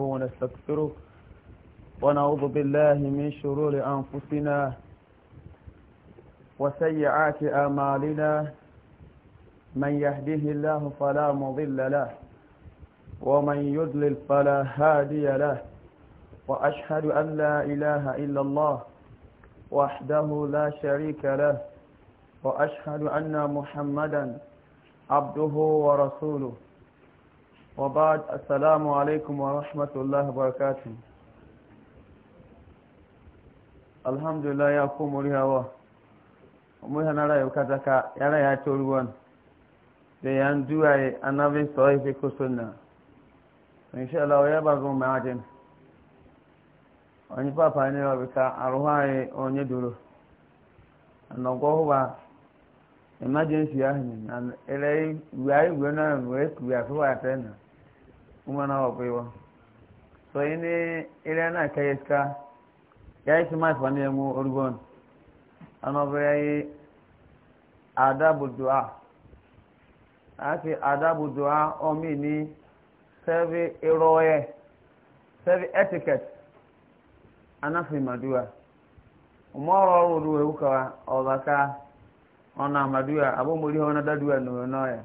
ونستغفره ونعوذ بالله من شرور أنفسنا وسيئات أمالنا من يهديه الله فلا مضل له ومن يضلل فلا هادي له وأشهد أن لا إله إلا الله وحده لا شريك له وأشهد أن محمدا عبده ورسوله وبعد السلام عليكم ورحمة الله وبركاته الحمد لله يقوم لهوا ومها نرى يكتك يرى يتولون لأن دعاء النبي صلى الله عليه إن شاء الله يبقى معجن onye papa anyị ọbịka arụhụ anyị onye doro anọgwọ emergency ahụ na ere igwe anyị na wee kuwe afụwa atena kuma nawa kwaiwa so ini ire na kayeska ya isi ma fa ne mu ana amma ya yayi adabu du'a ati adabu du'a o mi ni sevi iroye sevi etiquette anafi madua umoro ru ru e ukawa obaka ona madua abomori ona dadua no noya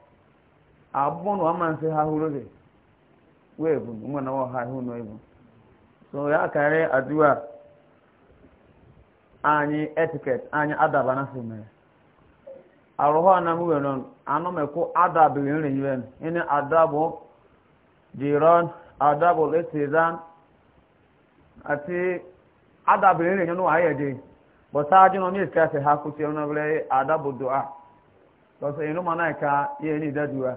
Abụọ na ọma nsị ha hụrụ hulore webu na wa ha na ibu so ya kare adua anyị etiket anyị adaba na sime arụhụ na mụ were anọ mekwu adab nri yue ịnị adabụ jiron adabụ esizan ati adab nri nụ n'ụwa ayede bọsa ajị nọ n'isi kasị ha kwụsịrị n'obere adabụ dua lọsọ ịnụ mana ka ihe ni daduwa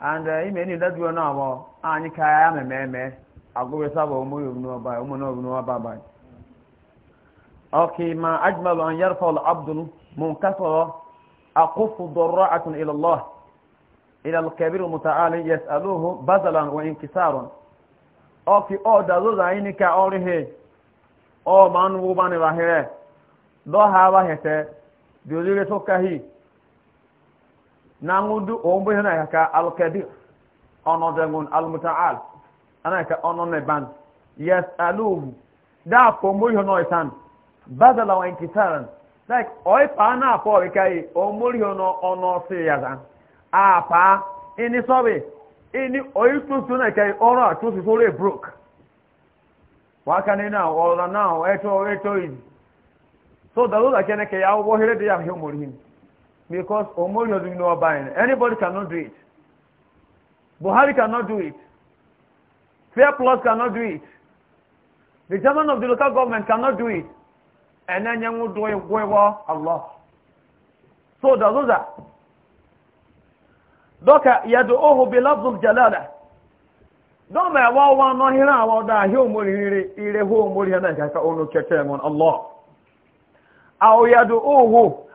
and uh, ime ni dadu anyi ka ya me me me agwe sabo mu yum no no ba okay ma ajmalu an yarfa al abd munkasara aquf darra'atun ila allah ila al kabir muta'ali yas'aluhu badalan wa inkisaran o da zo za yin ka ori he o man wo ba do ha na ngudu na hena ka al-kadir ono dangun al-muta'al ana ka ono ne ban yasaluhu da pombo hono isan badala wa inkisaran like oi pa na po we kai omori hono ono se yazan apa ini sobe ini oi tutu na kai ora tutu so le broke wa kan na ora na eto eto so dalu da kene ke ya wo hele de ya humori hini because Omori Odun no buying. Anybody cannot do it. Buhari cannot do it. Fair Plus cannot do it. The chairman of the local government cannot do it. And then you will do it wherever Allah. So the loser. Doka yadu'uhu bi lafzul jalala. Don't me wa wa no hira wa da hi omori ire ire ho omori na ka ka ono cheche mon Allah. Aw yadu'uhu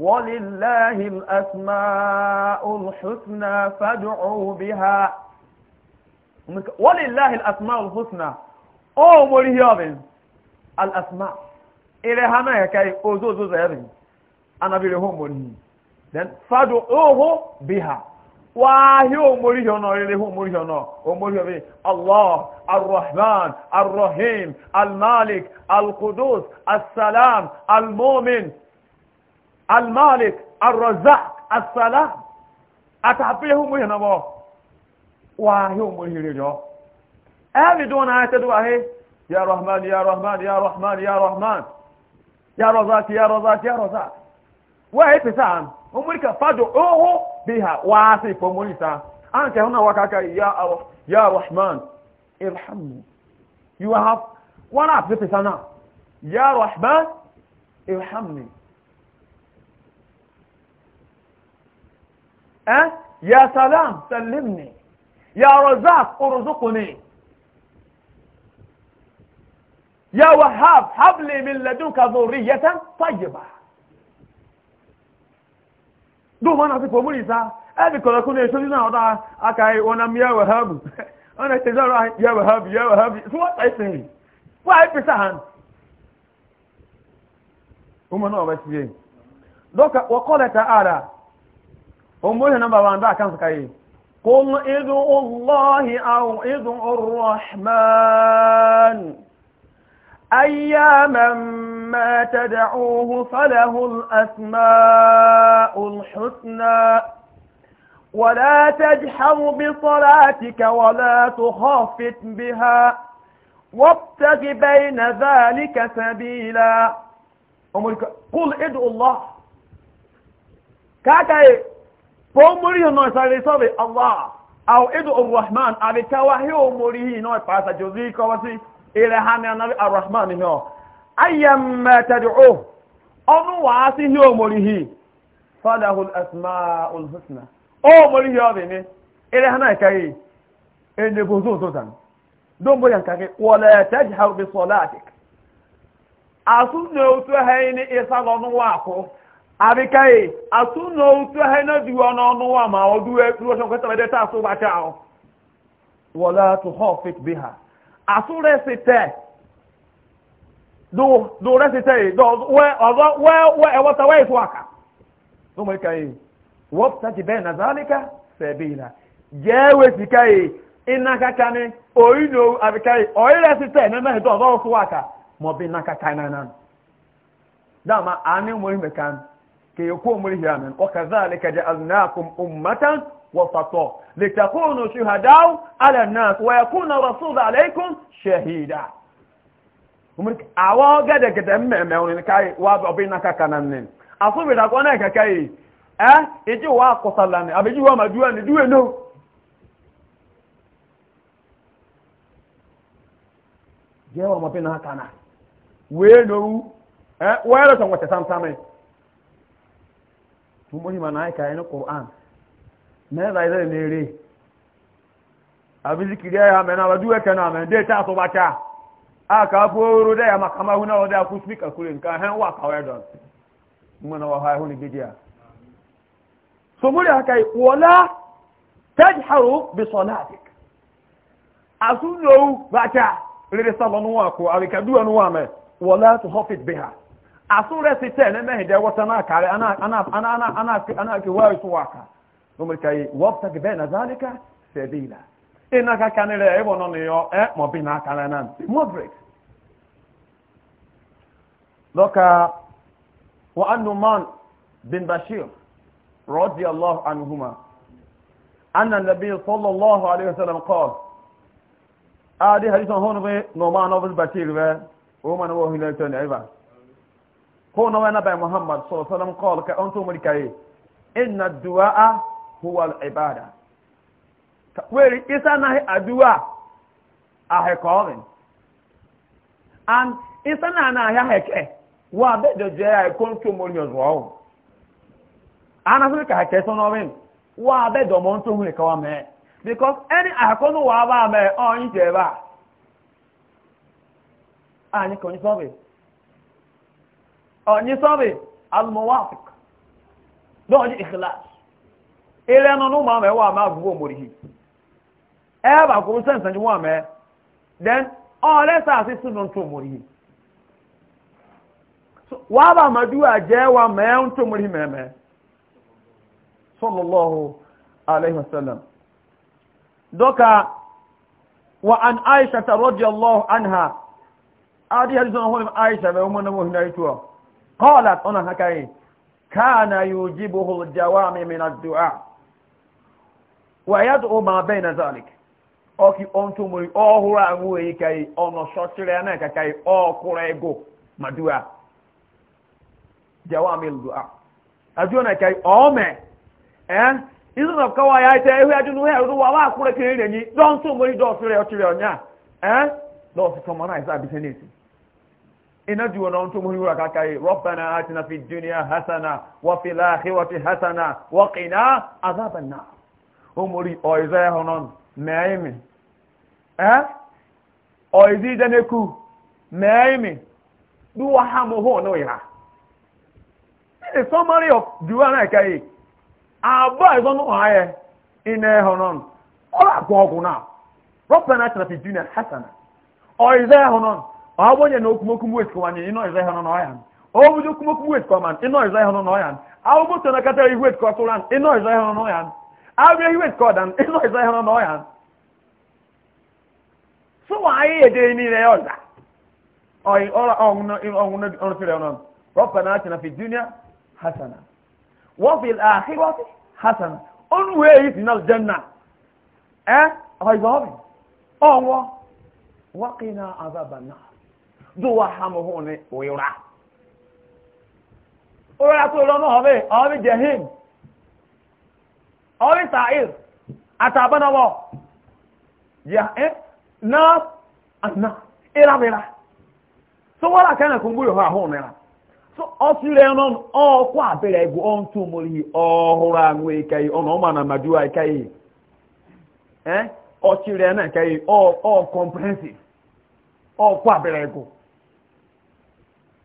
ولله الأسماء الحسنى فادعوا بها ولله الأسماء الحسنى أو يابن الأسماء إلى هنا كي أوزوزو زيرين أنا بيرهم مريم then فادعوه بها wáhí omori ọ̀nà rere omori ọ̀nà omori ọ̀rẹ́ الله الرحمن الرحيم المالك القدوس السلام المؤمن المالك الرزاق السلام أتعبيهم وين أبو وهم وين أبي دون آية دعاء يا رحمن يا رحمن يا رحمن يا رحمن يا رزاق يا رزاق يا رزاق وهي تسعن أمريكا فدعوه بها وعاصف أمريكا أنت هنا وكاكا يا يا رحمن ارحمني you have one up يا رحمن ارحمني ها يا سلام سلمني يا رزاق ارزقني يا وهاب هب لي من لدنك ذرية طيبة دو ما نعطيك ومريسا أبي كلا كنا يشوفين هذا أكاي ونام يا وهاب أنا تزار يا وهاب يا وهاب شو تايسني واي بسهان وما نعرف شيء دوك وقال تعالى أمبوه نمبر وان دا كان سكاي قل ادعوا الله أو ادعوا الرحمن أياما ما تدعوه فله الأسماء الحسنى ولا تجحر بصلاتك ولا تخافت بها وابتغ بين ذلك سبيلا قل إدعو الله كاكاي pomori allah au edu tawahi o ayyam ma tad'u onu wa si hi omori hi falahu alasmaul husna omori hi obi ni ile hana kai ende bozo to tan don boyan abikaye asu na otu ha na diwa na ọnụ wa ma ọ duwe ruo sọ kwetara deta asụ gbacha ahụ wala to hofit biha asu resite do do resite e, do we ọzọ we we ewata we su aka so mo ikaye wọpụta ji bẹẹ na zalika sebila jẹ wesikaye ina kakani oyi no abikaye oyi resite na mehidi ọzọ su aka ma ọ bụ ina kakani na dama ani mo imekan ke yakun mulhiyamin wa kadhalika ja'alnakum ummatan wasata litakunu shuhada'a 'ala an-nas wa yakuna rasulu 'alaykum shahida umrik awa gada gada mmeme onin kai wa obina kakanan nin asobe da kwana kakai eh eji wa kosalani abeji wa maduwa ni duwe no je wa mapina kana we no eh wa ra tan wata tumori ma na aika na ƙor'an na yana zai nere abin zikiri ya mai na waduwa ta na mai dai ta so ba ta a ka foro da ya makama huna wadda ya kusa mika kurin ka hen wa kawai don muna wa haihu ni gidiya so muri haka yi wala tajharu bi salatik a sun lowu ba ta rere salonu wa ko a rikaduwa nuwa mai wala tu hofit biha asore sita ne mehe da wata na kare ana ana ana ana ana ana ke wayo su waka no mu kai wata ke bena zalika sabila ina ka kanere e bono ne yo e mo bi na kala nan mo break loka wa annu man bin bashir radiyallahu anhuma anna an-nabiy sallallahu alayhi wasallam qala adi hadithon hono be no man of bashir be o man wo hilatoni ayba ko na wani bai muhammad sallallahu alaihi wasallam qala ka antum mulkaye inna du'a huwa al-ibada weri isa na addu'a a hekawin and isa na na ya heke wa be do je ya ko ntum mulyo zo ana fi ka heke so no win wa be do mo ntum ni kawa me because any akono wa ba me on je ba ani ko ni so ọ̀nyí sọ́bì almowafik lọ́ọ̀nyí ìkìláṣ ilẹ̀ ẹnu ní màmá ẹwà máa gbogbo mòrì yìí e ẹ bà kó sẹ́ǹsẹ̀ ní wọ́n mẹ́ then ọ̀rẹ́ sàásì sínú tó mòrì yìí wà á bà màdúrà jẹ́ wà mẹ́ ń tó mòrì mẹ́mẹ́ sọlọ́lọ́hu alayhi dọ́ka wa an aisha ta rọ́dí allahu anha adi hadisun ahun aisha bai umarna muhinai tuwa قالت أنا هكاي كان يجيبه الجوامع من الدعاء ويدعو ما بين ذلك أوكي أنتم أوهر أموي كاي أنا شاطر أنا كاي أو كوريغو ما دعاء جوامع الدعاء أجونا كاي أومي أه izu na kawa ya ita ehu ajunu ya ruwa wa kure kire ni don so mori do sire o tire onya eh do so mo na isa bi inaju wana mtu muhimu akaka hii rabbana atina fid dunya hasana wa fil akhirati hasana wa qina adhaban nar umuri oizaya honon meimi eh oizi janeku meimi duwa hamu ho no ira the eh, summary of duwa na kai aba izo no haye ine honon ola kwa kuna rabbana atina fid awonye na okumokum wet kwanye ino ezai hono no yan obu do okumokum wet kwaman ino ezai hono no yan awbo to na kata wet kwa turan ino ezai hono no yan awbe wet kwa dan ino ezai hono no yan so wa aye de ni re oza oi ora onno onno onno tire onno ربنا آتنا في الدنيا حسنة وفي الآخرة حسنة أنوي في الجنة أه هاي ظابي أوه وقنا عذاب النار do wa hamu hu ni wira wira tó lọ náà ọbẹ ọbẹ jahim ịm sa'ir àtàbọnàwọ atọ ẹ náà àná na so so ọsìrẹ́ ẹ̀nà ọkọ̀ àbẹ̀rẹ̀ ẹ̀gbọ́ ọ̀n tó ọ yìí ọ̀húnra àwọn ìka yìí ọ ọmọ àná màdúrà ìka yìí ẹ̀ ọsìrẹ́ ẹ̀nà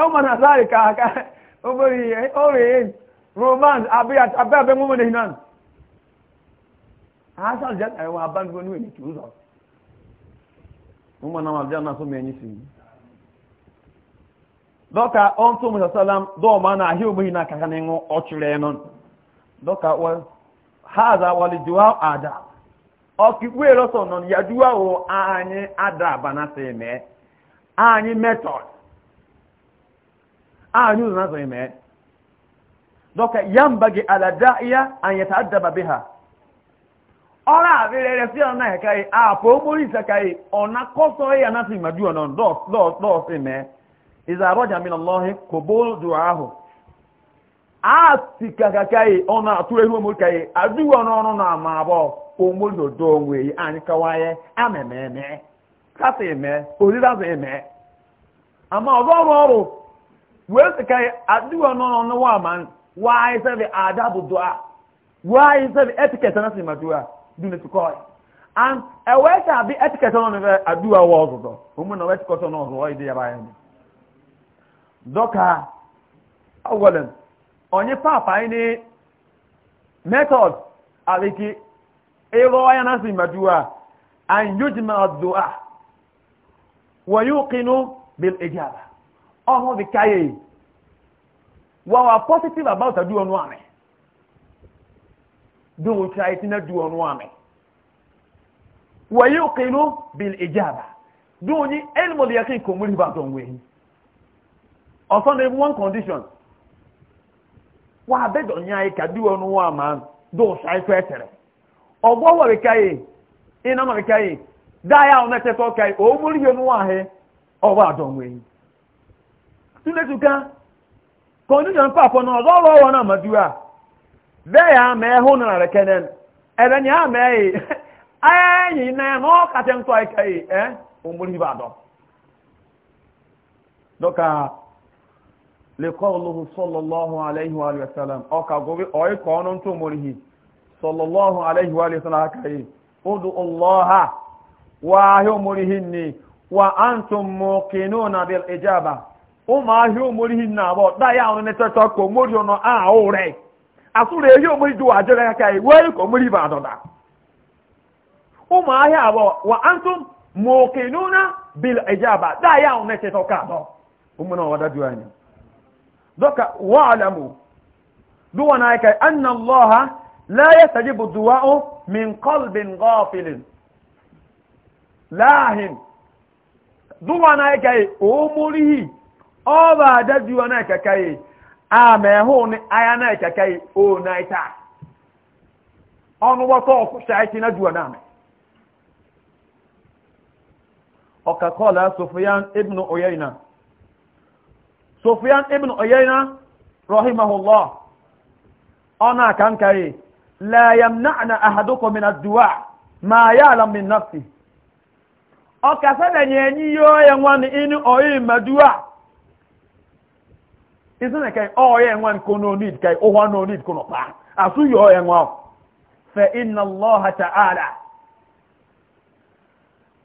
ẹwọ́n náà sáré kàákà ọmọrí ọ̀rẹ́ romance abẹ́ abẹ́ mọ́mọ́ ní iná asan jẹ́ ẹ̀wọ̀n abánúgbò ní èdè tó náà jẹ́ náà sọ́mọ ẹ̀yìn sí dọ́ka ọ́n tó mọ̀sá sálám dọ́ọ̀mà náà ahí omi náà kàkà ní ẹ̀wọ̀n dọ́ka wọ́n Ah, A na zo ime doka yambagi ala da'iya an yata'addaba ọ ah, ah, na àbẹ̀rẹ̀rẹ̀ sí ọ̀nà ẹ̀ka yìí àpò mórí ìsẹ̀ka yìí ọ̀nà kọ́sọ̀ ẹ̀yà náà sì màjú ọ̀nà dọ́ọ̀sì mẹ́ ìzàrọ̀jà mi lọ́hìn kò bóòlù dùn áhù àti kàkàkà yìí ọ̀nà àtúrẹ̀ ìhú omórìkà yìí Ama ọzọ ọrụ ọrụ. wee sị ka adịwa nọ n'ọnụ wa man waa ise bi ada bụ dua waa ise bi etiket na e sị ma dua du na tukọ ya and ewee ka bi etiket nọ n'ebe adịwa wa ọzụzụ ụmụ na wetikọt nọ ọzụzụ ọyị dị ya baa ndị dọka awọlen onye papa anyị method aliki ịrọ ya na sị dua and yujima dua wa yuqinu bil ijaba ọhụ dị ka ya wa wa positive about adu ọnụ amị dum ụcha eti na du ọnụ amị wa yi ụkịlụ bil ijaba dum onye elmo dị yakin ka omori ba dọnwe yi ọsọ na ebu one condition wa abedọ nye anyị ka du ọnụ ama dum ụcha eti etere ọgbọ wọrị ka ya ị na-amarị ka ya daa ya ọ na-etete ọka ya omori ya ọnụ ahụ ọba dọnwe yi ndetuka condition kwa afọ na ọzọ ọrụ ọrụ na amadu a bee ya ma ịhụ na narị kenen ebe nya ma eyi enyi na ya na ọ kacha ntụ anyị ka eyi ee omori ibe adọ dọka lekọluhu sọlọlọhụ alaihi wa sallam ọka gobe ọyị ka ọnụ ntụ omori sọlọlọhụ alaihi wa sallam aka eyi udu ụlọha wa ahịa omori ni wa antụ antum muqinuna bil ijaba ụmụ ahịa omori hi na abụọ da ya ahụ n'etete ka omori ọnọ a ụrị asụrụ ehi omori dị wajere aka ya wee ka omori bụ adọda ụmụ ahịa abụọ wa antum mokinuna bil ijaba da ya ahụ n'etete ka adọ ụmụ na ọwada dị anya doka wa alamu duwa na aka anna allaha la yastajibu duwa'u min qalbin ghafilin lahin duwa na aka omori ọba adaduwa na kaka yi a ma ni aya na kaka yi o na ita ọnụ wọtọ ọkụcha aiki na duwa naanị ọka kọla sofiyan ibn oyaina sofiyan ibn oyaina rahimahullah ọ na aka nka yi la yamna'na ahadukum min ad ma ya'lam min nafsi ọka sada nyenyi yoo ya ni ịnụ oyi madu'a isn't it oh yeah one need kai oh one no need pa asu yo fa inna allah ta'ala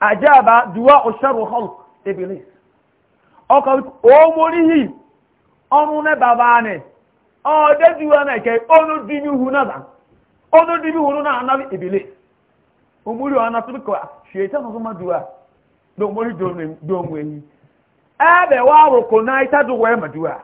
ajaba khalq iblis o ka o ne baba ni o de kai na hu na na iblis o mori ana tu ma duwa. do mori do ne do mwe ni abe wa ro ko na ita ma duwa.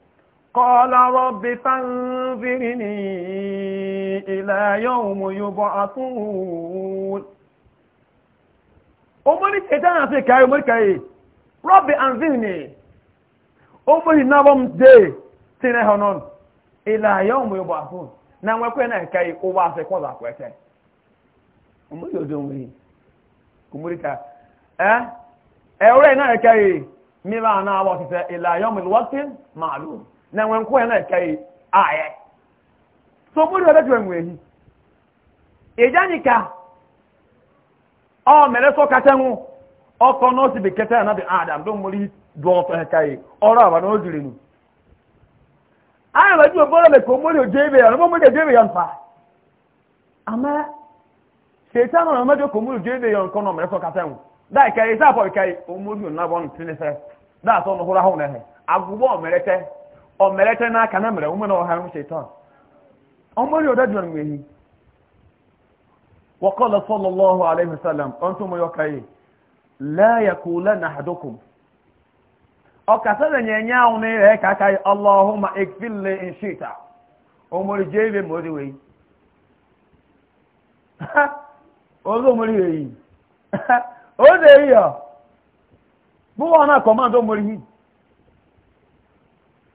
kọla ụmụ ya ya ya ya ya na na na-ereka na-ereka na-agba fo na nwe nkwa na kai aye so mu da da nwe hi e jani ka o mere so ka tanu o ko no si be kete na de adam don muri do fa kai ora ba no jiri nu ayo ba ju bo le ko mo le jebe ya mo mo le jebe ya nfa ama setan na ma jo ko mo le jebe ya nko no mere so ka tanu dai kai sa po kai o mo ju na bon tinese da so no hura ho na he agbo o mere ọmọlẹtẹ náà kà náà mẹrẹ wọn náà ọha ń ṣe tán ọmọ rí ọdọ jùlọ nìyẹn wọkọlọ sọlọ lọhùn aláìhùn sálàm ọ̀n tó mọ yọ káyé láyà kú lẹ́nà àdókùn ọkà sẹ́lẹ̀ yẹn yẹn àwọn ẹ̀rẹ́ kàkà ọlọ́hùn ma ìfìlẹ̀ ìṣìta ọmọ rí jẹ́ ìwé mọ́rí wẹ̀yí ọlọ́mọ rí wẹ̀yí ó lè yọ bí wọn náà kọ̀ máa dọ́ mọ́rí yìí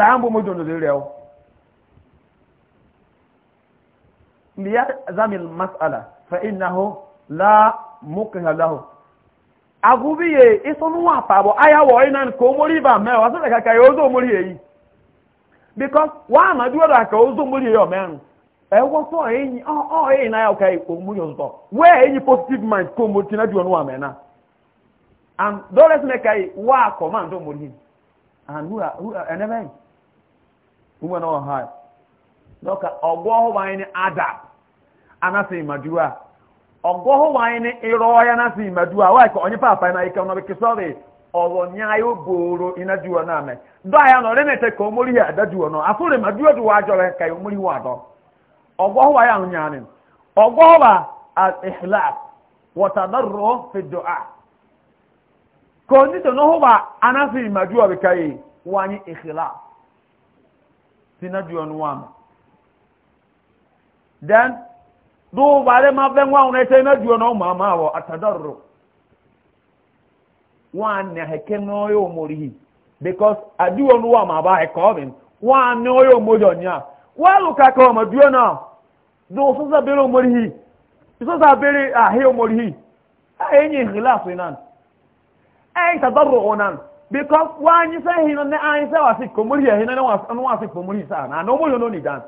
sahambu mu dondo zirewo liya zamil mas'ala fa innahu la mukha lahu agubiye isonu pabo aya inan ko mori ba me wa se kaka yo zo because wa ma ka ozo mori eyi. men na ozo positive mind ko and me kai wa command and who are, who are, woman or high dɔka ɔgɔ hɔ wan ne ada anase madua ɔgɔ hɔ wan ne irɔya anase madua wa ko ɔnye papa na ika na beke sɔre ɔwɔ nyaayo booro ina duwa na mɛ dɔa ya na ɔde ne te ka omori ya ada duwa no afore madua do wa jɔre ka omori wa dɔ ɔgɔ hɔ wa ya ɔgɔ hɔ ba al ihlaq wa tadarru fi du'a ko ni to no hɔ ba anase madua be kai wa ni sinadio no am then do bare ma ben wa una tena dio no ma ma wo atadarru Wa ne heke no yo morihi because adio no wa ma ba e kovin wan ne yo mojo nya wa lu ka ko ma dio do so za bere morihi so za bere a ah, he morihi a ah, enyi khilafu nan ay eh, tadarru onan because wọ́n anyi sẹ́ hin ní anyi sẹ́ wà sí kòmórì ẹ̀hin ní wọ́n sí kòmórì sáà náà ní ahụ, lónìí dán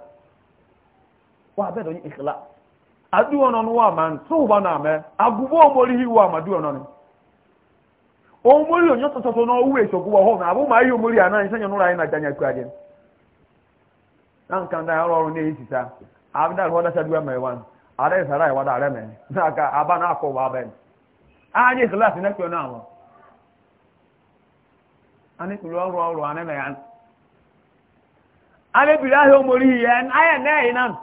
wọ́n abẹ́ na ìkìlá adúwọ̀ náà ni wọ́n àmà ń náà mẹ́ agbúgbó ọmọlẹ́ yìí wọ́n àmà dúwọ̀ náà ni ọmọlẹ́ yóò nyọ́ náà wúwo èso na hó náà àbúmọ̀ ayé ọmọlẹ́ àná ìṣẹ́ yẹn náà ani kulu ɔrɔ ɔrɔ ani na yan ale biri ahe omori yi yɛn ayɛ nɛ yi nan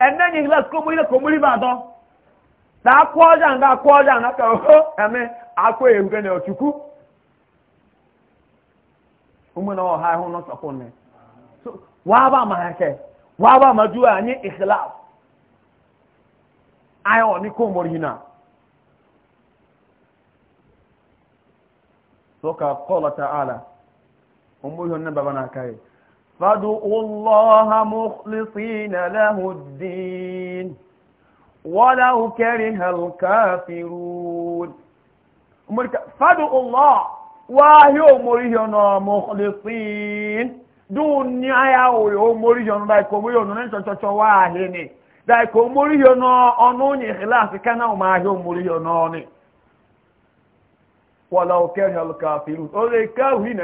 ɛnɛ nyi hila komori na komori ba dɔ daa kɔɔja nga kɔɔja nga ka ho ɛmi akɔ ehu kɛ ne ɔtuku omo na ɔha soka qala ta'ala umbuyo nan baba na kai fadu allaha mukhlisina lahu ad-din walau kariha al-kafirun umurka fadu allah wa hiyo muriyo no mukhlisin dunya ya o muriyo no dai ko muriyo no nso chocho wa hene dai ko muriyo no onu nyi khilaf kana ma hiyo muriyo no ni walau kenyal kafirun ka kawhi e, na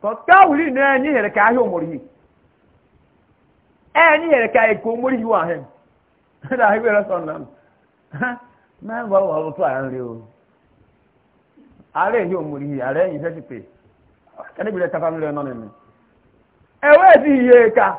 ka ko na nyihere ka ahio mori e ka e na mori wa he da he wera son nan ma ba wa lo to an leo are hi omori are yin se ti pe kani bi le ta family e no ni e we ka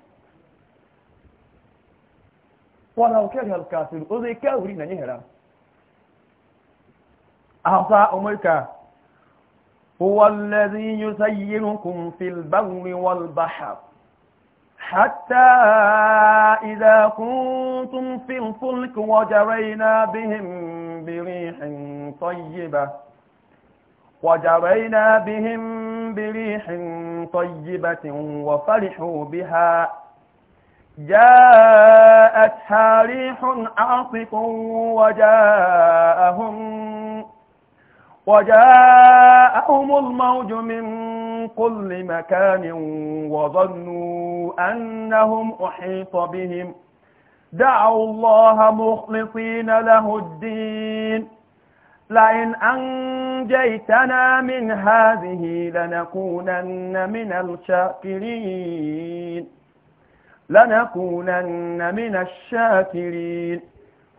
ولو كره الكافر أذي كاورين نهرا أعطى أمرك هو الذي يسيركم في البر والبحر حتى إذا كنتم في الفلك وجرينا بهم بريح طيبة وجرينا بهم بريح طيبة وفرحوا بها جاءتها ريح عاصف وجاءهم وجاءهم الموج من كل مكان وظنوا أنهم أحيط بهم دعوا الله مخلصين له الدين لئن أنجيتنا من هذه لنكونن من الشاكرين لنكونن من الشاكرين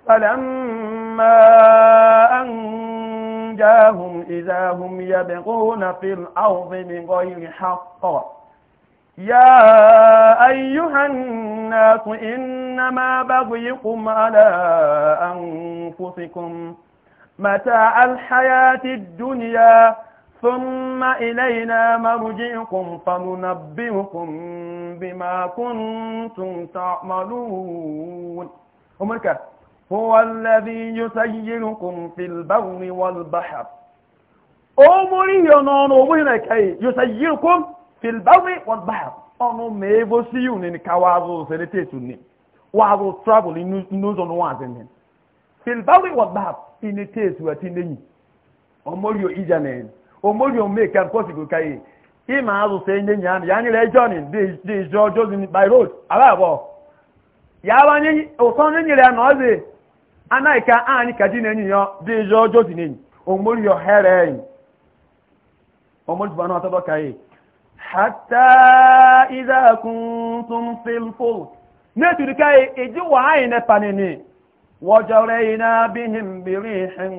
فلما أنجاهم إذا هم يبغون في الأرض بغير حق يا أيها الناس إنما بغيكم على أنفسكم متاع الحياة الدنيا ثم إلينا مرجعكم فننبئكم بِمَا كُنْتُمْ تَعْمَلُونَ أمريكا هو الذي يسيركم في البر والبحر أمري ينون أمريكا يسيركم في البر والبحر أنا ميبو سيوني كوازو سنتيسوني وازو ترابل نوزون وازنين في البر والبحر إنتيسواتي نيني أمري omori omume kan kosi go kai i ma azu se nye nya ya ni re journey by road ala bo ya ni o so ni re na oze anaika ani kaji na ni yo this journey ni omori yo here omori bana to kai hatta idha kuntum fil fulk neturi kai eji wa ayi ne panini wajarayna bihim birihin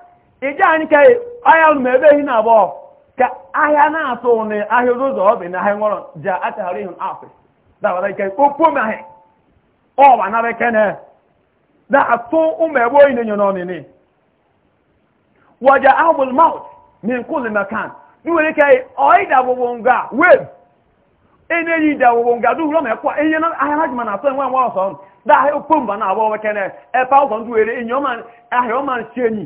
ije anyị ka ahịa ụlọ ebe ehi na abụọ ka ahịa na-atụ na ahịa ụzọ ọbị na ahịa nwụrụ ja achaghara ihu afị dabara ike okwu mahị ọba nara kene na-atụ ụmụ ebe oyi na enye n'ọnịnị waja ahụbụl maut min na makan nwere ike ọyị dabụbụ nga web enyi dabụbụ nga dụ ụlọ mekwa ihe na ahịa ha ji ma na-atụ enwe nwa ọsọ da ahịa okwu mba na abụọ kene ebe ọzọ ndị were enyi ọma ahịa ọma chenyi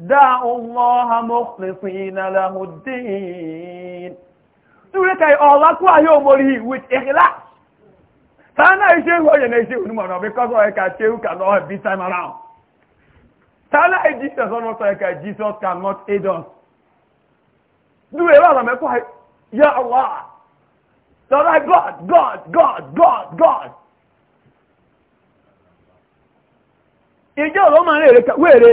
دعوا الله مخلصين له الدين توريك الله كو ايو موري with ikhlas tana ise wo ye na ise unu mo because o ka chew can not be time around tana e jesus on so jesus cannot aid us do e wa me ko ya allah so god god god god god ìjọ́ ọ̀rọ̀ máa ń rèrè wèrè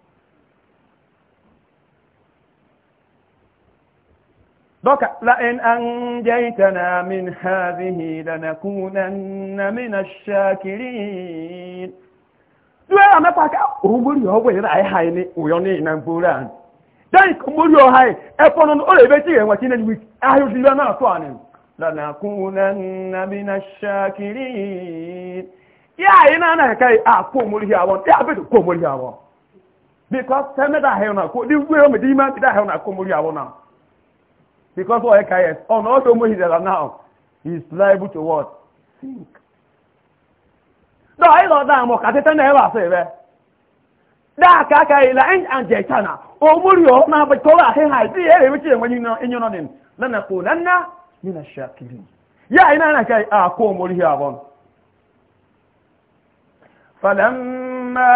دوكا لئن أنجيتنا من هذه لنكونن من الشاكرين dúwẹ́ àmẹ́pàá òmúrí ọgbọ̀ ìrìn àìhà ní òyọ́ní ìnà gbóòrà ní dáì ọha ẹ̀fọ́n ó lè because because what KS on all the money that are now is liable to what sink. No, I love that I'm more. Kati tena ewa sebe. Da kaka ila en anje chana. Omuri o na ba kola he hai di ere wichi enwe nyina enyona nin. Na na ko na na ni na shakili. Ya ina na kai a ko omuri hi abon. Falamma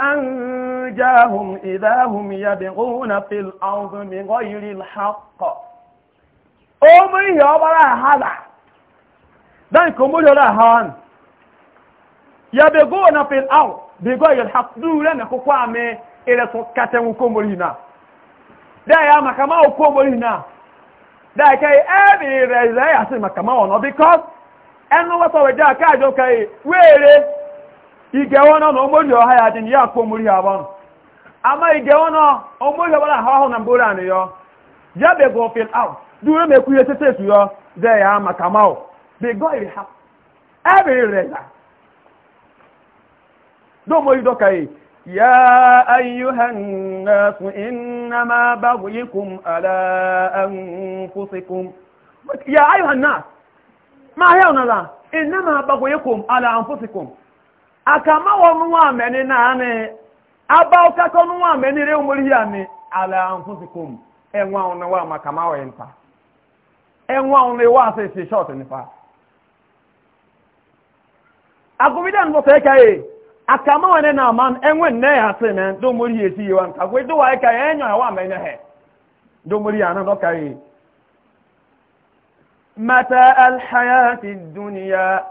an أرجاهم إذا هم يبغون في الأرض بغير الحق أمي يبرا هذا ذلكم مجرى هان يبغون في الأرض بغير الحق دولا كقوامي إلى سكتة وكمرينا da ya maka ma okomori na da kai every reza ya si maka ma ono because ẹnu wọ́tọ̀ wẹ̀ jẹ́ àkáàjọ́ kẹ́ ìgẹ̀wọ́n náà mọ́rí ọ̀há yàdín yà kó múrí àwọn ama ide ono omo yo bala hawo na mbora ni yọ ya be go out duro me ku yete tetu yo dee ya maka mawo bigo ha every reza do mo ya kai يا أيها الناس إنما بغيكم على أنفسكم يا أيها الناس ما هي لا إنما بغيكم على aba ọkakọ nwa menire umuri ya mi ala nfusikum enwa ona wa maka ma we nta enwa ona wa se se short ni fa agumida nbo fe aka akama wene na man enwe ne ya se ne do muri esi yi wan agwe do ka ya enyo wa menye he do ya anọ do kai mata al hayati dunya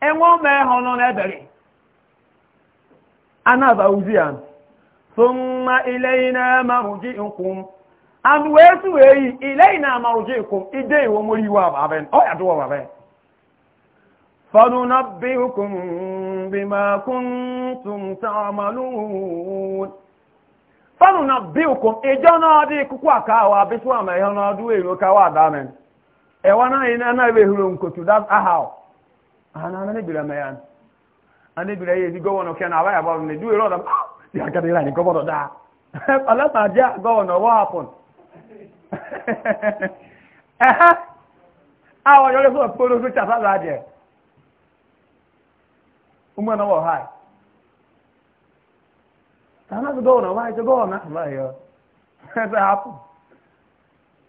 enwo me hono na dare ana zaujia thumma ilaina marji'ukum an wesu weyi ilaina marji'ukum ide iwo mori wa baben o ya duwa baben fanunabbi'ukum bima kuntum ta'malun fanunabbi'ukum ijo na di kuku aka wa bisu ama ihe na du ero ka wa damen e wana ina na huru nkotu aha ana na anibira yìí gọ́wọ̀nà kẹ́nà àwáyà bọ́ọ̀rùn ní dúró ọ̀dọ̀ tí a kẹ́dẹ̀ ìrìn gọ́bọ̀dọ̀ dáa alátàjá gọ́wọ̀nà what happened ẹ̀há àwọn yọrí fún ọ̀pọ̀lọ́ tó chàfà láàjẹ̀ umọ́nàwọ̀ high tàbí gọ́wọ̀nà wáyé tó gọ́wọ̀nà láyọ̀ ẹ̀fẹ́ happen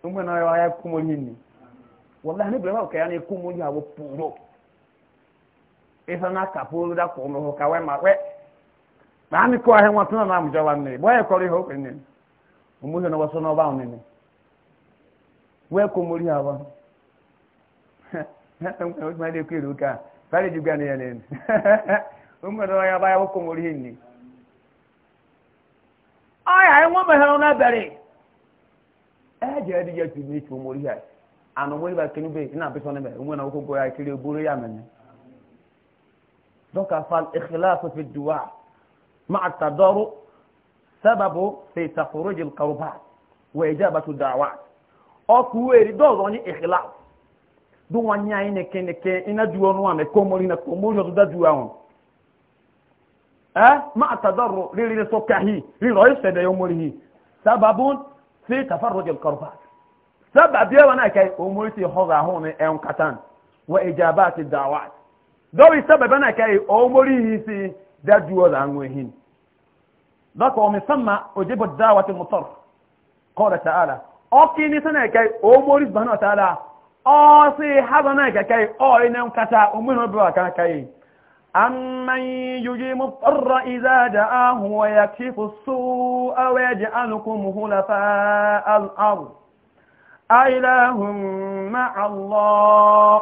umọ́nàwọ̀ ayé kúmọ̀ yìí ni wọ́n lá níbẹ̀rẹ̀ wọ́n kẹ́ ịsa na kapụrụ da kwụrụ hụ ka wee ma wee na amị kụọ ahịa nwa na amụjọwa nne bụ onye kọrọ ihe okwe nne na ọsọ n'ọba ọnịnị wee kụ ha wa ji gwa ya n'elu ụmụ na ọya baya wụkọ mori nne ọya anyị nwebeghere n'abalị eji adịghị etu ha anụ mori ba kenube ị na-abịsọ n'ime ụmụ na ya kiri buru ya دونك فالإخلاص في الدعاء مع التضارع سبب في تخرج القربات وإجابة الدعوات أكوير دوزوني إخلاص دو وانيا كن كن إن دعوة نوامة كومولين كومولين دا دعوة أه مع التضرع للي سكاهي للي سيدة يوموليه سبب في تفرج القربات سبب يوانا كي امورتي حوضا هون كتان وإجابات الدعوات dɔw isa bɛbɛ na kɛ ɔwɔ mori yi si da duwɔ la ŋun hin dɔkɔ ɔmi sama oje bɔ daa wati mutɔr kɔɔda ta ala ɔki ni sɛnɛ kɛ ɔwɔ mori bana ta ala ɔsi haba na kɛ kɛ ɔyi na kata ɔmi na bɛ kan kɛ أمن يجيب الضر إذا دعاه ويكشف السوء ويجعلكم خلفاء الأرض أإله مع الله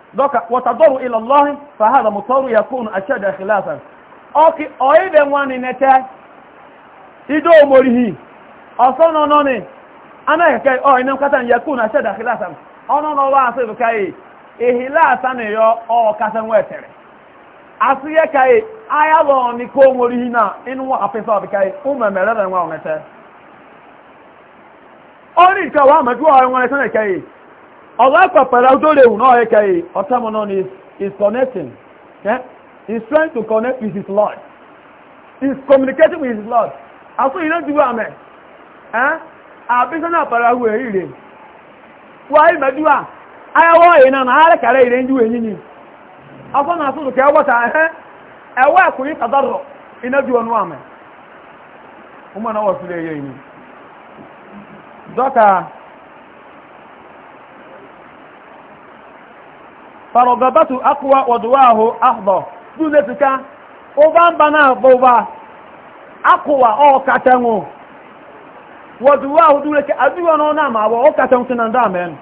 doka watadaru ila Allah fa hadha mutaru yakunu ashada khilafan oki oibe nwani nete ido omorihi osono noni ana kai o ina kata yakunu ashada khilafan ono no wa se kai ihilasa ne yo o kasan nwetere asiye kai aya lo ni ko omorihi na inu afesa bi kai umemere nwa onete ori ka wa madu o nwa nete kai ọ̀rọ̀ àpapàrà náà ẹ̀kẹ́ yìí ni is connecting okay? is trying to connect with his lord is communicating with his lord àfọ iná dúró àmẹ́ àbísọ́nà àpàrà hù èyí wà á ìmẹ́dúwà ayáwọ́ èyí náà náà àárẹ̀kàrẹ̀ èyí ni afọ́ náà sọ́dọ̀ kẹ́ ọgbọ́ta ẹ̀hẹ́ ẹ̀wọ́ dúró àmẹ́ dọ́kà farobabatu akwa waduwahu ahdo dule fika uba mba na boba akwa o katanwo waduwahu dule ke aduwa no na ma o katanwo tunan da men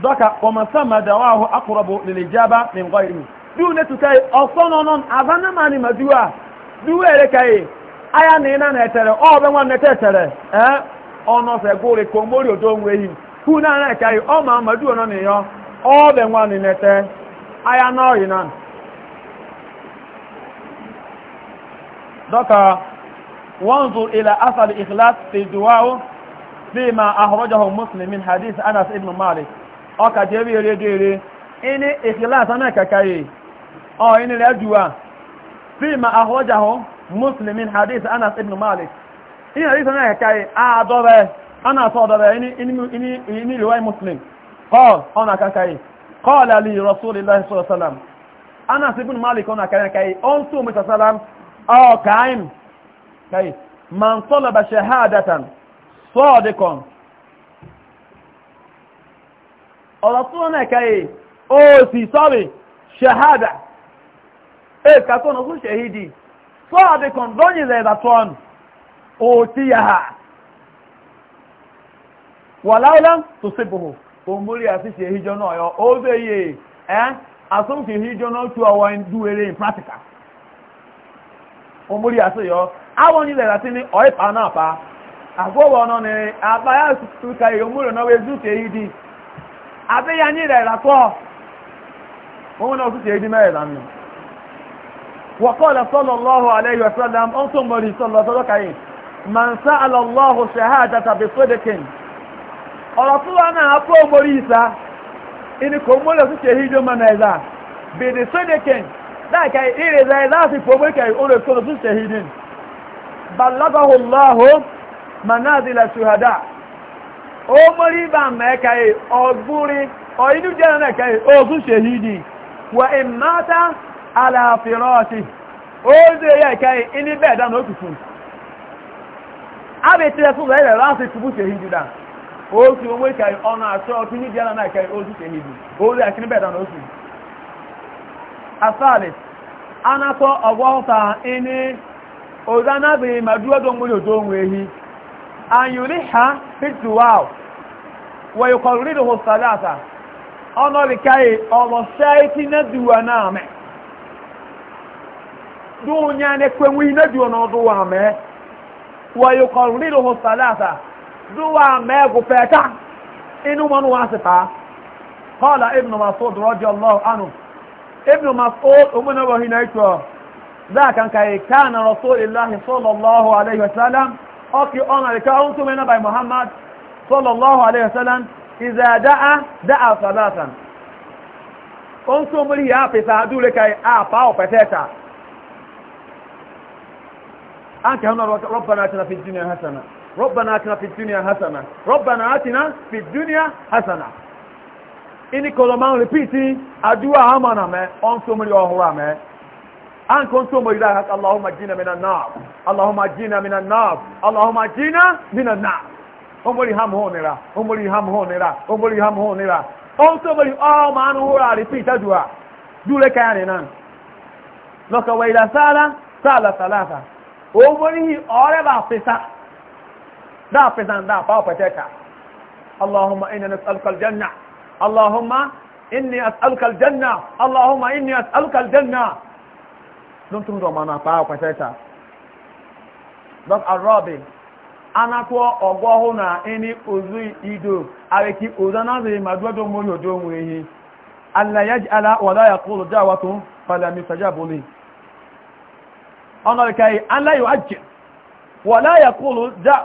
doka wa masama dawahu aqrabu lil ijaba min ghayri dule fika osono non avana mani maduwa duwere kai aya ni na na etere o be nwan na etere eh ono se gore ko mori odo nwehi hu na na kai o ma maduwa no ne yo all the one in it aya doka wanzu ila asal ikhlas fi du'a fi ma muslim min hadith anas ibn malik o ka je iri ini ikhlas ana kakaye o ini re fi ma muslim min hadith anas ibn malik ini hadith ana kakaye a dobe ana dobe ini ini ini muslim قال أنا كاكاي قال لي رسول الله صلى الله عليه وسلم أنا سيبن مالك أنا كاكاي أنتم متسلم أو كاين كاي من طلب شهادة صادقا ọ̀rọ̀túnrọ̀nà ẹ̀kẹ́yẹ ó sì sọ́rì ṣẹ̀hádà ẹ̀kàtọ́nà fún ṣẹ̀hídì sọ́ọ̀dẹ̀kàn lọ́yìnlẹ̀ ìdàtọ́nù ò tí yà wà láúlá tó sí omori asisi ehijo náà yọ oze ye ẹ eh? asomfi ehijo náà tu ọwọ duwere in practical omori ase yọ awọ ni lẹla si ni pa náà pa agbọwọ náà ni abaya suka yi omori náà wezu ke yi di abe ya ni lẹla kọ òun náà tún ehidi mi man ọ̀rọ̀ e e, fún e, wa náà fún omori ìsá ìní kò mọ́lẹ̀ fún ṣe híjọ mọ́ náà ìlà bèèrè sódẹ́kẹ̀n dáìka ìrẹ̀lá láti fòmọ́kẹ̀ olùsọ́nà fún ṣe híjìn balabahullahu manazila suhada omori bá mẹ́ka ọgbúrí ọ̀yínú jẹ́ náà ṣe híjì wà ìmáta aláfirọ́ọ̀tì fún rẹ̀ láti fòmọ́kẹ̀ híjì dáa otu onwe ka ọ na-achọ ọtụ ní ìdíyàlá náà ka otu ṣehidu orí àkínibẹ̀dà na otu asalis anakọ ọgwọta ma ozanabi maduodo mmiri odo onwe ehi anyuli ha fituwaw wayekọrịrị hosalata ọnọrịkaghị ọmọ saiti na duwa na amị dúnyà ní pẹ̀wú iná jù ọ̀nà ọdún wà mẹ́ wayekọrịrị hosalata duwa mẹ́gù pẹ̀ta inú mọ́nú wá sí fàá kọ́lá ibn masoud radiyallahu anhu ibn masoud omúnàwọ̀ umm hìnà ìtọ́ zákanka ìkànnà rasulillahi sallallahu alaihi wasallam ọkì ọ̀nà ìkà ohun tó by muhammad sallallahu alaihi wasallam ìzà dáa dáa salatan ohun tó múrí ya fèsà dúró kai a fáwọ̀ pẹ̀tẹ́ta an tana fi jini hasana ربنا آتنا في الدنيا حسنة ربنا آتنا في الدنيا حسنة إني كل ما نلبيتي أدوا أمانا ما أنتم لي أهوا ما أنكم توم إلهك اللهم أجينا من النار اللهم أجينا من النار اللهم أجينا من النار أمري هم هونيرا أمري هم هونيرا أمري هم هونيرا أنتم لي أهوا ما نهوا ربيت أدوا دولة كياني نان لك وإلى سالة سالة ثلاثة أمري أربع فتاة da fitan da fafate ka Allahumma inna nas'aluka aljanna Allahumma inni as'aluka aljanna Allahumma inni as'aluka aljanna don tun do mana fafate ka dok arabi anakwo ogwo hu na ini ozu ido areki ozana ze madudo mori odo nwehi Allah yaj'ala wa la yaqulu da'watun fala misajabu li Ọ̀nà ìkẹyì, aláyò ajẹ́, wà láyà kúrò dáa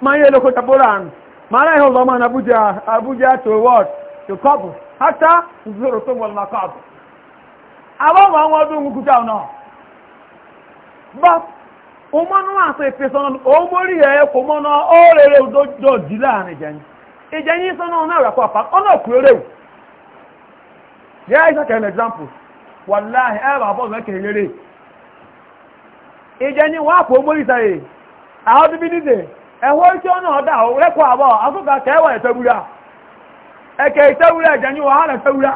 ma ihe lokota mara ihe ụzọ ma na e abuja abuja to what to kọpụ hata zuru to na kọpụ abọ ma nwa ọdụ nkwukwuta ọnọ nọ ụmụnụ asọ efesa ọnụ o ya na rere udo jila anyị na ya isa ka an example wallahi e ẹ̀wọ́ tí ó náà dà rẹ́kọ̀ àbọ̀ afọ́kà tẹ́wà ìtẹ́wúra ẹ̀kẹ́ ìtẹ́wúra ìjẹni wàhálà tẹ́wúra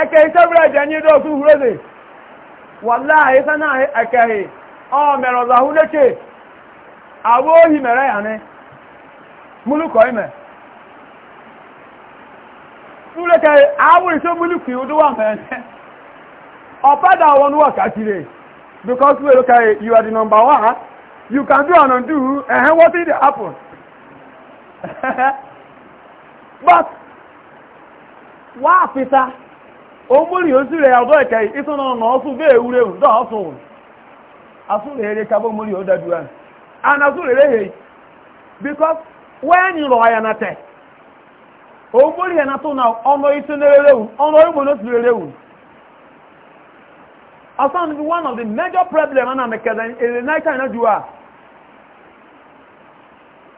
ẹ̀kẹ́ ìtẹ́wúra ìjẹni dọ́ọ̀tún húrẹ́dẹ̀ wà láàáyé sánà ẹ̀kẹ́ because we look at you are the number one you can do and undo, and uh, what did happen? but, wa àfisá, ó múlì ó sì rẹ̀ ọ̀dọ́ ìkẹyì, ìsúná ọ̀nà ọ̀sùn bẹ́ẹ̀ ewúrẹ́ òun dọ́ ọ̀sùn. Asún rẹ̀ And asún ere rẹ̀ because when you rọ̀ ayà nàtẹ̀, ó múlì ẹ̀ nàtọ̀ náà ọ̀nà ìtúnlẹ̀rẹ̀ òun, ọ̀nà ìmúlò sì rẹ̀ òun. Asán one of the major problems ana mẹ́kẹ́lẹ́ ìrìnàkà ìnájú wa.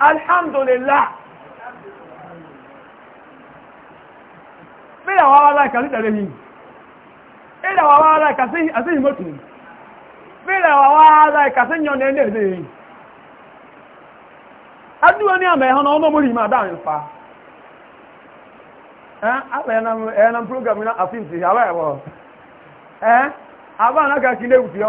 alhamdulillah fíyàwó aláìkà sí tẹ̀lé yìí fíyàwó aláìkà sí ìmọ̀tù fíyàwó aláìkà sí yọ nẹ́lẹ̀ èdè yìí adúwọ́ ní àmà ẹ̀họ́n ọmọ múrì máa dáa nípa ẹ̀ẹ́nà prógrámù náà àfíìsì àwọ̀ ẹ̀wọ̀ ẹ́ àbá náà kàkí lè wùfíọ́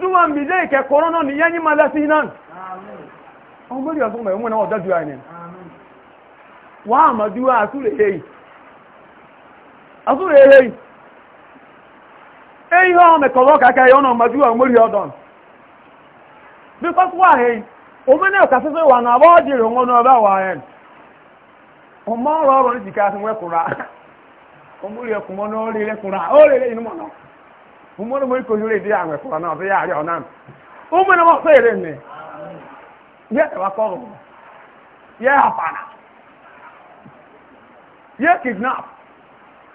zuwa mi ke korona ni yanyi e ihe lati nan on gbori ọdún mẹ́rin wọn ọ̀dọ́ ju àìní wọ́n a mọ̀ ju àtúrẹ̀ èyí àtúrẹ̀ èyí èyí hàn mẹ́kọ̀ọ́ ka ẹ̀yọ́ náà mọ̀ ju àgbori ọdún because wà èyí omi náà kà sẹ́sẹ́ wà na wọ́n dìrò wọn náà bá wà ti umar mo ko yure di anwe fo na o ya ri onan umar mo so ire ni ye wa ko ro ye afana ye kidnap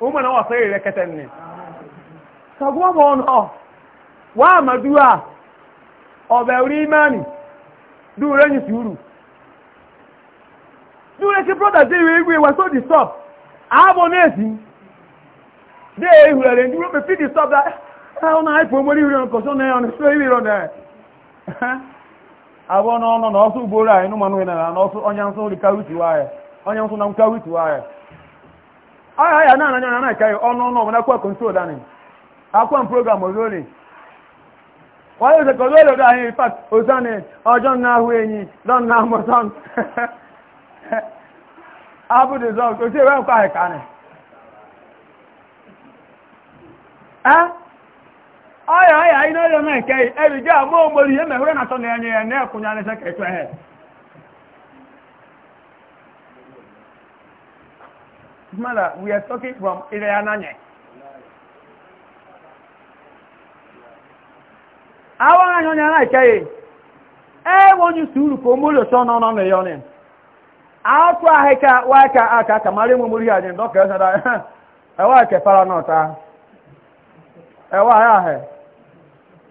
umar mo so ire keten ni sagwa mo no wa madua ọbẹ̀ orí imani dúró ní sùúrù dúró kí brọ́dà dé ìwé ìwé wà tó dì stop ààbò náà sí dé ìhùrẹ̀ rẹ̀ dúró pé fídì stop that ọ na-aịpụ omori iri nkọsọ na ya ọnụsọ iri rọ na abụọ na ọnọ na ọsọ anyị nụ manụ na ọsọ nsọ nri kawitiwa anyị onye nsọ na nkawitiwa anyị agha ya na ananya na anaghị ọnụ ọnụ m program ọjọ́ ọya ọya ina ọrịa mee nke eri ji agba ogbori ihe mehụrụ na atọ na-enye ya na-ekwụnyere ise we are talking from iriananye àwọn ará yan yàrá ìkẹyẹ ẹ wọn ju sùúrù kò náà ni ẹwà fara náà ta ẹwà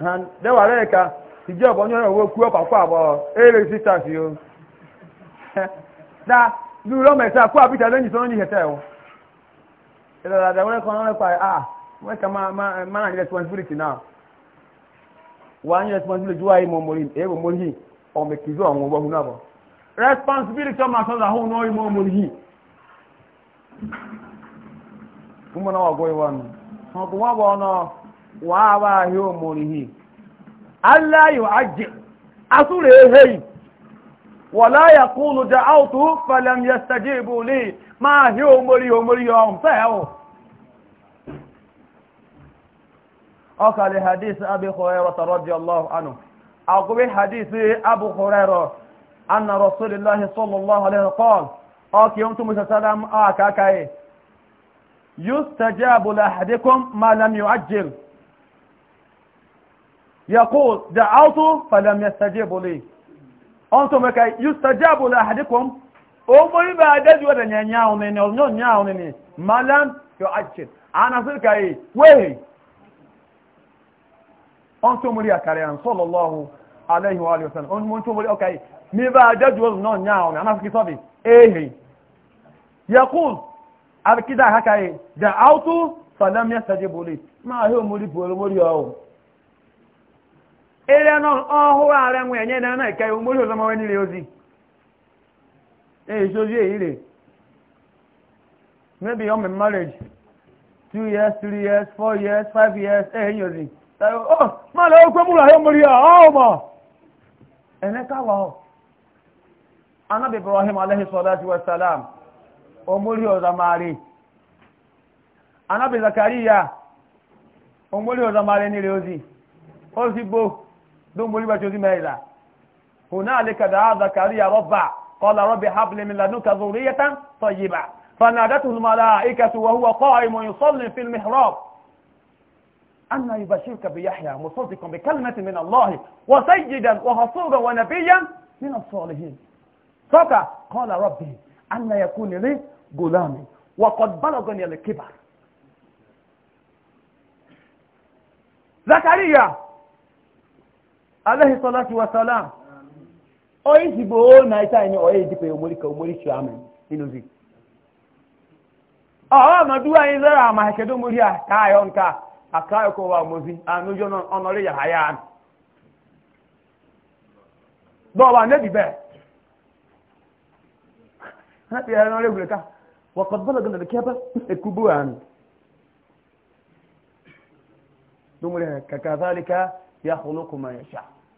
and dẹwàrẹ ẹka ìjọba onye ọrọ owó kú ọkọ àkọ àbọ eré sísá sí o na lúrọ mẹsà kú àbíta lẹyìn tó ń yí hẹtẹ o ìrọ̀lá àdàwọ̀rẹ́ kan ọ̀rẹ́ pa ah wọ́n kà máa máa ní responsibility na wà á ní responsibility wáyé mọ̀ mọ̀rí èèwọ̀ mọ̀rí yìí ọmọ ìkìzú àwọn ọgbọ́n náà bọ̀ responsibility ọmọ àtọ́lá ọ̀hún na mọ̀ mọ̀rí yìí fún mọ́ náà wà gbọ́ ìwà nù ọkùnrin wọn bọ̀ on wàá wá ahé òmòrì hì aláyò ajé asúrè ehéyì wọ̀lá yàkúnù dá áùtù fẹlẹm yẹsẹ̀dé ìbòlè máa ahé òmòrì òmòrì ọ̀hún fẹ́ ọ̀ ọkàlẹ̀ hadith abi hurairah radiyallahu anhu àkúbẹ̀ hadith abu hurairah anna rasulillahi sallallahu alaihi wa yustajabu lahadikum ma lam yu'ajjil يقول دعوت فلم يستجيبوا لي أنتم كي يستجاب لأحدكم أمري بعدد ودن ينعونني ونعونني ما لم يؤجل أنا سلك أي وهي أنتم لي أكريان صلى الله عليه وآله وسلم أنتم لي أكي مي بعدد ودن ينعونني أنا سلك صبي إيهي، يقول أبكي ذا هكي دعوت فلم يستجيبوا لي ما هو مريب ولا مريب ere n'ọhụrụ ara nwe enye na na ike omori ozomawe niile ozi eji ozi ehire maybe on marriage two years three years four years five years ehe yozi oh mala okwe mụrụ ahụ omori a ọma emeka wa anabi ibrahim alaihi salatu wassalam omori ozamari anabi zakariya omori ozamari niile ozi ozigbo دون مريبا جوزي ميلا هنالك دعا زكريا ربع قال رب حبل من لدنك ذرية طيبة فنادته الملائكة وهو قائم يصلي في المحراب أن يبشرك بيحيى مصدقا بكلمة من الله وسيدا وحصورا ونبيا من الصالحين فقال قال ربي أن يكون لي غلام وقد بلغني الكبر زكريا Alehi salatu wa salam oyi si bo na ita ni oyi di ka omori shi amen ninu zi ah ma duwa yin zara ma ke do muri a ka yo nke aka ko wa mozi anu jo no ya haya do wa ne na ti ya no le gure ka wa qad balagna bi kaba an dumuri ka kadhalika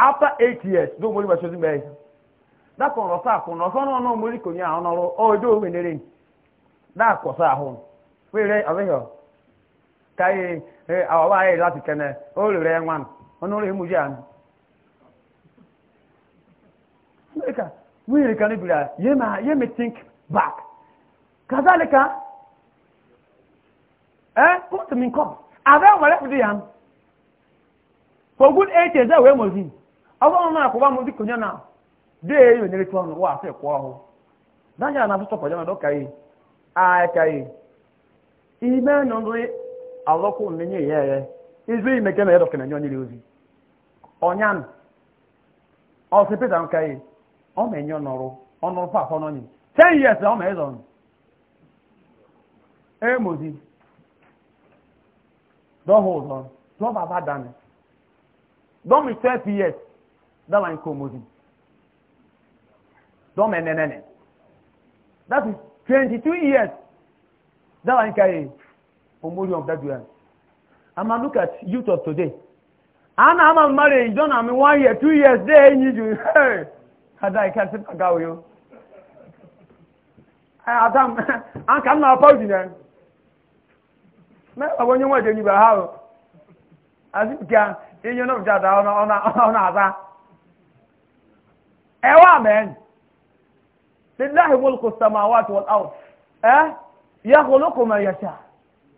after eight years ló mórí wàṣọ síbẹ̀ yìí dákọ̀ ọ̀rọ̀ sáà kùnà ọ̀sán náà náà mórí kò ní àwọn ọ̀rọ̀ ọjọ́ òwe nírè dáàkọ̀ sáà hùn wíìrẹ́ ọ̀rẹ́yọ̀ káyé àwọn ọba ayé láti kẹ́nẹ̀ ó lè rẹ̀ wọn ọ̀nà orí mú jẹ́ àná. ma yé mi think back kàzálìkà eh, for good eight years ẹ̀ wẹ́ ọgbọ́n na kò bá mu na yẹn náà dèé yóò nílé tí wọn wà fẹ́ kọ́ ọ́hún dájà náà sọ́tọ̀ pọ̀jọ́ kaị dọ́kà yìí ààkà yìí ìmẹ́ nínú ozi ọ̀nyán ọ pété àwọn kàyé ọmọ ẹ̀yìn ọ̀nọ̀rọ̀ ọ̀nọ̀rọ̀ years twelve years dáwà ń kó mọ́sí dọ́mẹ̀ that is twenty two years dáwà ń káyè omori of that year ama look at youth of today ana ama marriage don ami one year two years dey enyi ju hey ada ika si paga adam anka nna na mẹ́wàá onye nwa ọ na-aza. ẹwà mẹ́rin lillahi mulku samawati wal ard ẹ eh? yakhluqu man yasha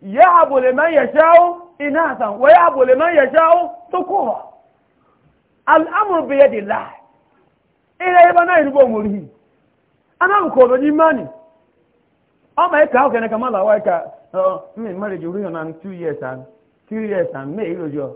yahabu liman yasha'u inasan wa yahabu liman yasha'u dhukura al'amru bi yadillah ila iba na irgo murihi ana ko do imani o ma ka o kene kama la wa ka uh, mi marriage uriyo na 2 years and 3 years and me ilojo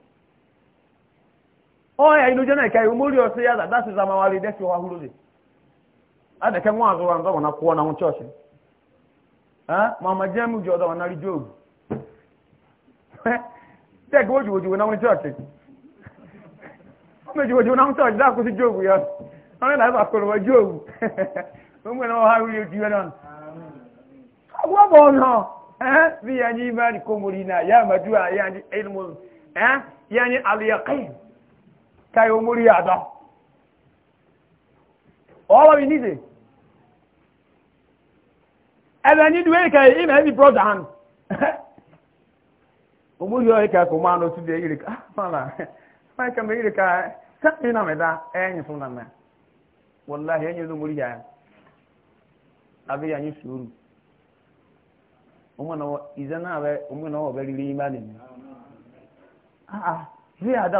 oya inojana kai umuri ose ya dasi za mawali defi wa huluzi ada ke mwazo wa ndo na kuona mu choshe ha mama jemu joda wa nali job te goju goju na mu choshe ome goju na mu choshe da ku si job ya ana na ba ko wa job mwe na ha wi oju na agwa bono eh bi yanyi bari komulina ya madua yanyi ilmu eh yanyi al yaqin kayo muri ada i we need Ebe ní ìdúwé ìkà ị mẹ́ bí brọ́dà hàn òmúrí ọ̀ ìkà kò ka lọ́tún e dé e ka fàlà máa ìkà mẹ́ ìrìkà sáàmì náà mẹ́ta ẹ̀yìn fún nàmẹ́ wọ́lá ẹ̀yìn ló múrí yàrá àbí yà ní sùúrù ọmọ náà ada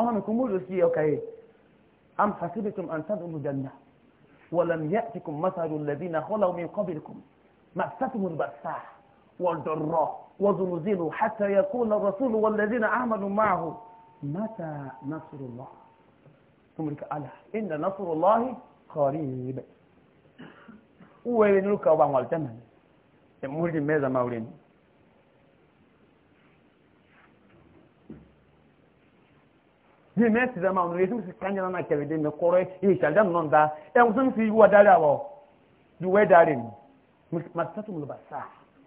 أنا كمول رسلي أوكي أم حسبتم أن تدعوا الجنة ولم يأتكم مثل الذين خلوا من قبلكم مأستهم البأساء والضراء وزلزلوا حتى يقول الرسول والذين آمنوا معه متى نصر الله ثم لك ألا إن نصر الله قريب وينلك وبعض الجنة يمولي ماذا مولين bi mɛ ti dama ɔnu yesu e, si kanya na kɛlɛ de mɛ kɔrɔ ye sari dam nɔ da ɛ muso fi wa dari awɔ di wɛ dari mu masatu muluba sa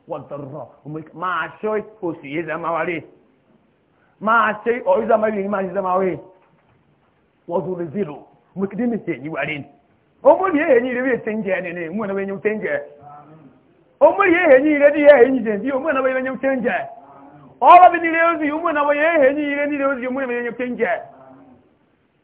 wa dɔrɔ maa sɔ osu ye zama wari maa sɛ ɔyi zama yi maa yi zama wari wa zuru zero mu kidi mi se yi wari o mo ye yɛn yi de bi se n jɛ ne ne mu na bɛ nyɛ se n o mo ye yɛn yi de bi yɛ yɛn yi de o mo na bɛ nyɛ se n jɛ ɔba bi ni de o o mo na bɛ yɛ yɛn yi o mo na bɛ nyɛ se n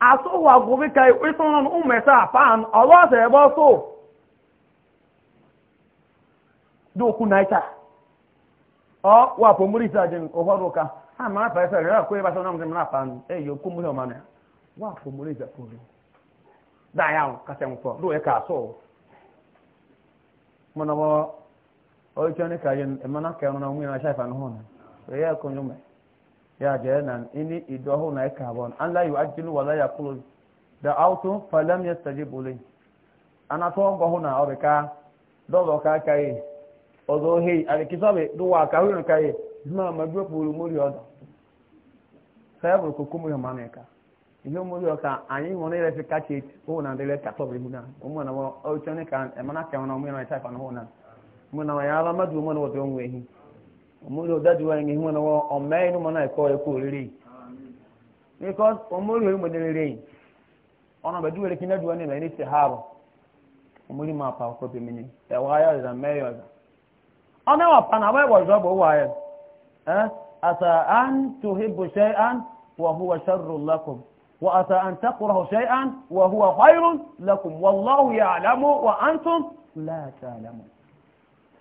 wa gwụbi ka ịsụrụ ụmụ ise a pan ọsọ ebe ọsọ dị okwu na ọ wapụ mmiri ise ajị ụfọdụ ụka ha ma afa ise rịọ na mmadụ na-apa eyi okwu mmiri na wapụ mmiri ise daa ya dị ka ka ka na na na ya ya jana ini idahu na kabon an la yu'ajjilu wa la da auto falam yastajibu li ana to go huna obeka do do ka kai ozo he ari do wa ka hu kai ma ma gbe pulu odo kumu ya maneka ihe anyi won ile fi o na ka to o mo na o kan e mana ka o na na mo na ya madu mo na o do nwe hi omori ọdadi wa ẹni hìwọn náà ọmọ ẹni mọ náà ẹkọ ẹkọ rere because omori ọyìn mọ rere ọ̀nà bẹ̀dú wẹ̀rẹ̀ kíndà dùwọ́ nílẹ̀ ní sèhábọ̀ omori máa pa ọkọ̀ bẹ̀mí ni ẹ̀wọ̀ ayọ̀ ẹ̀dà mẹ́rin ọ̀dà ọ̀nà wà pa náà wẹ́wọ̀ ìjọba owó ayẹ ẹ̀ àtà à ń tòhí bò ṣe à ń wà hùwà ṣàrò wà àtà à ń takùrọ̀ hù ṣe à ń wà hùwà fáyìrún lákùm wàlláhu yà àlámù wà á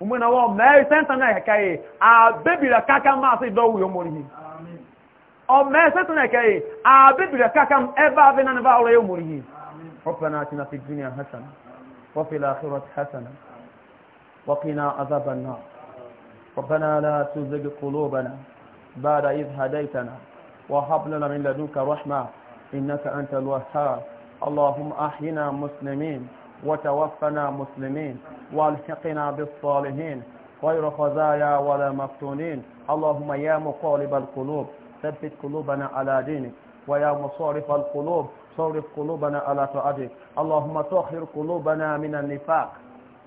umena wao mai senta na yakaye a bebira kaka ma se do uyo morihi amen o mai senta na yakaye a bebira kaka eba ave na ba uyo morihi amen ربنا اتنا في الدنيا حسنه وفي الاخره حسنه وقنا عذاب النار ربنا لا تزغ قلوبنا بعد إذ هديتنا وهب لنا من لدنك رحمه إنك أنت الوهاب اللهم أحينا مسلمين وتوفنا مسلمين والحقنا بالصالحين خير خزايا ولا مفتونين اللهم يا مقالب القلوب ثبت قلوبنا على دينك ويا مصارف القلوب صرف قلوبنا على طاعتك اللهم طهر قلوبنا من النفاق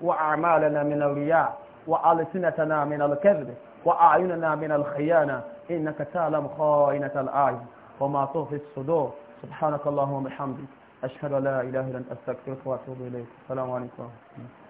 وأعمالنا من الرياء وألسنتنا من الكذب وأعيننا من الخيانة إنك تعلم خائنة الأعين وما تخفي الصدور سبحانك اللهم وبحمدك أشهد لا إله إلا أنت أستغفرك وأتوب إليك السلام عليكم